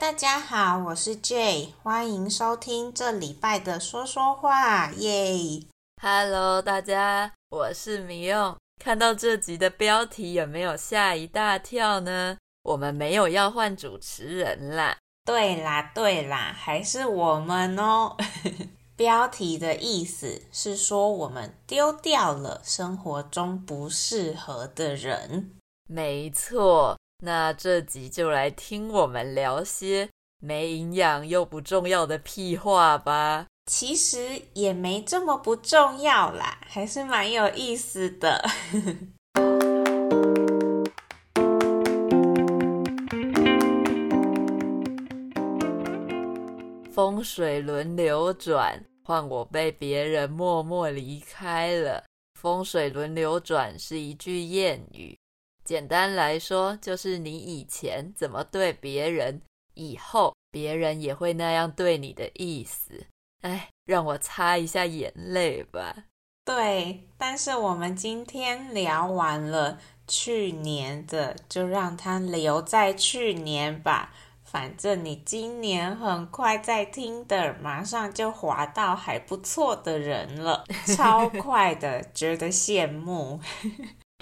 大家好，我是 Jai 歡迎收聽這禮拜的說說話耶。Yeah! Hello，大家，我是 Mion。看到這集的標題，有沒有嚇一大跳呢？我們沒有要換主持人啦。對啦，對啦，還是我們哦。 標題的意思是說，我們丟掉了生活中不適合的人。沒錯。那這集就來聽我們聊些沒營養又不重要的屁話吧。其實也沒這麼不重要啦，還是蠻有意思的。 風水輪流轉，換我被別人默默離開了。風水輪流轉是一句諺語。簡單來說，就是你以前怎麼對別人，以後別人也會那樣對你的意思。哎，讓我擦一下眼淚吧。對，但是我們今天聊完了去年的，就讓它留在去年吧。反正你今年很快在聽的，馬上就滑到還不錯的人了，超快的， 值得羨慕。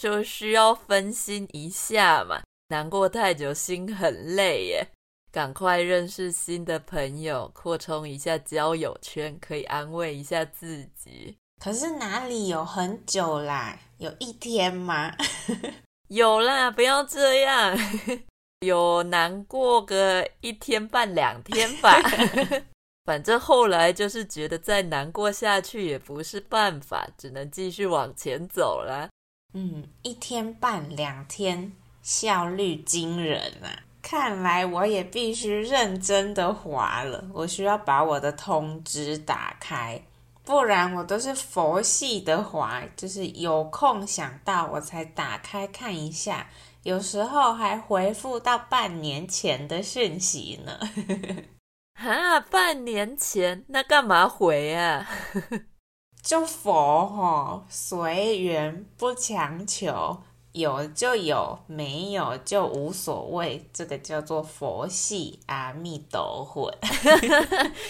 就需要分心一下嘛，難過太久心很累耶，趕快認識新的朋友，擴充一下交友圈，可以安慰一下自己。可是哪裡有很久啦？有一天嗎？ 有啦，不要這樣，有難過個一天半兩天吧， 反正後來就是覺得再難過下去也不是辦法，只能繼續往前走啦。嗯，一天半兩天，效率驚人啊！看來我也必須認真的滑了。我需要把我的通知打開，不然我都是佛系的滑，就是有空想到我才打開看一下。有時候還回復到半年前的訊息呢。哈、 啊，半年前，那幹嘛回啊？ 就佛吼，隨緣不強求，有就有，沒有就無所謂，這個叫做佛系阿彌陀佛，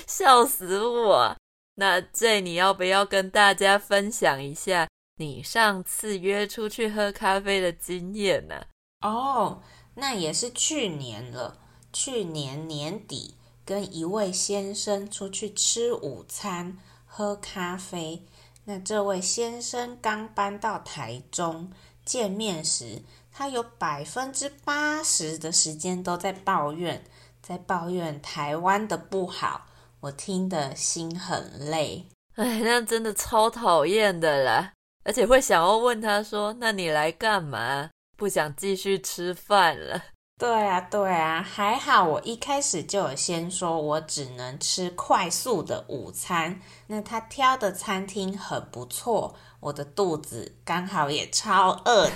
笑， 笑死我！那這你要不要跟大家分享一下你上次約出去喝咖啡的經驗呢？哦、oh，那也是去年了，去年年底跟一位先生出去吃午餐。喝咖啡。那這位先生剛搬到台中，見面時，他有百分之八十的時間都在抱怨，在抱怨台灣的不好。我聽得心很累，哎，那真的超討厭的啦。而且會想要問他說：“那你來幹嘛？不想繼續吃飯了？”對啊，對啊，還好我一開始就有先說，我只能吃快速的午餐。那他挑的餐廳很不錯，我的肚子剛好也超餓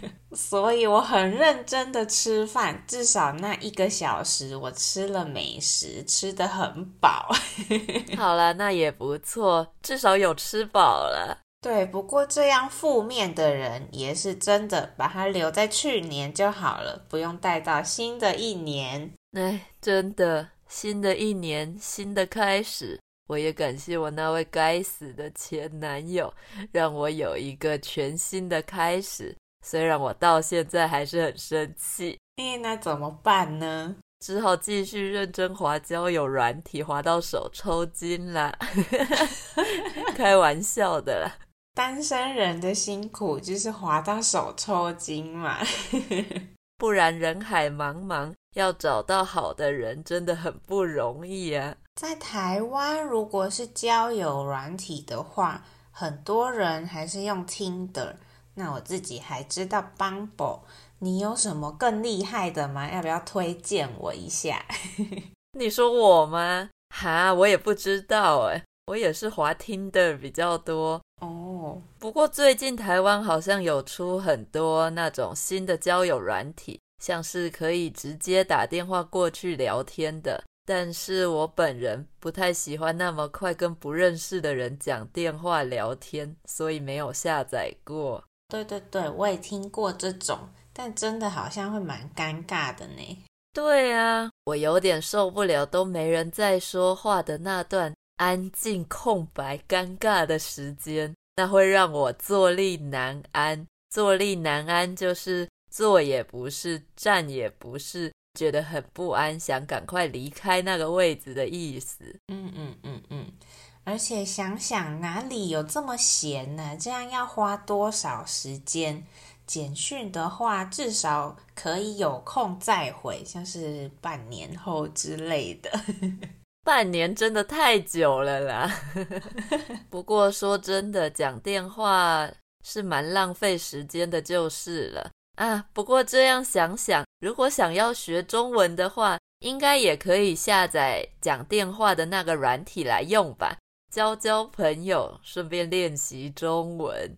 的， 所以我很認真的吃飯，至少那一個小時我吃了美食，吃得很飽。 好了，那也不錯，至少有吃飽了。對，不過這樣負面的人也是真的，把他留在去年就好了，不用帶到新的一年。哎，真的，新的一年，新的開始，我也感謝我那位該死的前男友，讓我有一個全新的開始。雖然我到現在還是很生氣，哎、欸，那怎麼辦呢？只好繼續認真滑交友軟體，滑到手抽筋啦， 開玩笑的啦。單身人的辛苦就是滑到手抽筋嘛， 不然人海茫茫，要找到好的人真的很不容易啊。在台灣，如果是交友軟體的話，很多人還是用 Tinder，那我自己還知道 Bumble，你有什麼更厲害的嗎？要不要推薦我一下？ 你說我嗎？哈，我也不知道哎、欸，我也是滑 Tinder 比較多。哦、oh.，不過最近台灣好像有出很多那種新的交友軟體，像是可以直接打電話過去聊天的。但是我本人不太喜歡那麼快跟不認識的人講電話聊天，所以沒有下載過。對對對，我也聽過這種，但真的好像會蠻尷尬的呢。對啊，我有點受不了都沒人在說話的那段。安靜、空白、尷尬的時間，那會讓我坐立難安。坐立難安就是坐也不是，站也不是，覺得很不安，想趕快離開那個位置的意思。嗯嗯嗯嗯。而且想想哪裡有這麼閒呢？這樣要花多少時間？簡訊的話，至少可以有空再回，像是半年後之類的。 半年真的太久了啦， 不過說真的，講電話是蠻浪費時間的就是了。啊，不過這樣想想，如果想要學中文的話，應該也可以下載講電話的那個軟體來用吧，交交朋友，順便練習中文。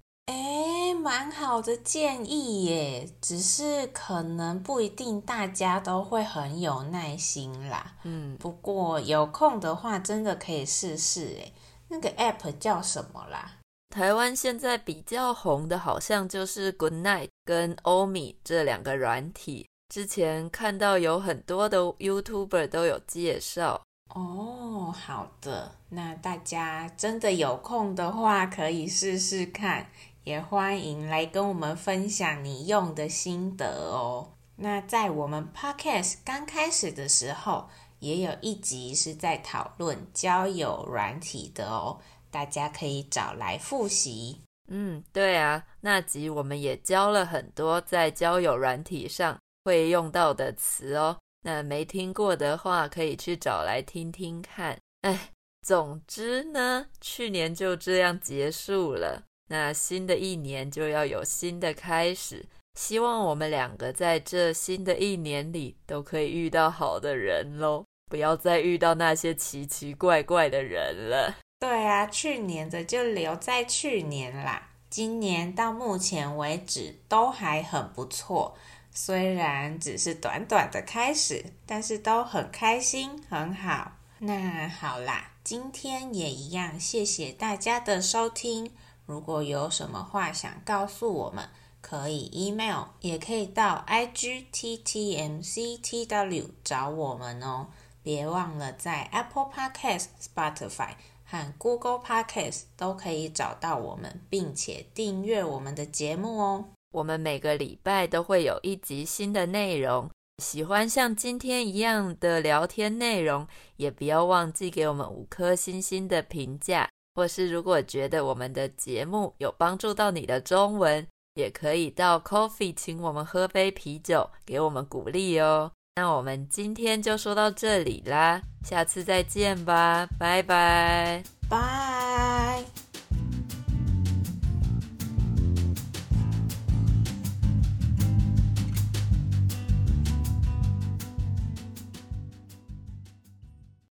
蠻好的建議耶，只是可能不一定大家都會很有耐心啦。嗯，不過有空的話，真的可以試試哎。那個 App 叫什麼啦？台灣現在比較紅的，好像就是 Good Night 跟歐米這兩個軟體。之前看到有很多的 YouTuber 都有介紹哦。好的，那大家真的有空的話，可以試試看。也歡迎來跟我們分享你用的心得哦。那在我們 Podcast 剛開始的時候，也有一集是在討論交友軟體的哦。大家可以找來複習。嗯，對啊，那集我們也教了很多在交友軟體上會用到的詞哦。那沒聽過的話，可以去找來聽聽看。唉、哎，總之呢，去年就這樣結束了。那新的一年就要有新的開始，希望我們兩個在這新的一年裡都可以遇到好的人嘍，不要再遇到那些奇奇怪怪的人了。對啊，去年的就留在去年啦，今年到目前為止都還很不錯，雖然只是短短的開始，但是都很開心，很好。那好啦，今天也一樣，謝謝大家的收聽。如果有什麼話想告訴我們，可以 email，也可以到 IG ttmctw 找我們哦。別忘了在 Apple Podcast、Spotify 和 Google Podcast 都可以找到我們，並且訂閱我們的節目哦。我們每個禮拜都會有一集新的內容。喜歡像今天一樣的聊天內容，也不要忘記給我們五顆星星的評價。或是如果覺得我們的節目有幫助到你的中文，也可以到 Ko-fi 請我們喝杯啤酒，給我們鼓勵哦。那我們今天就說到這裡啦，下次再見吧，拜拜，拜拜。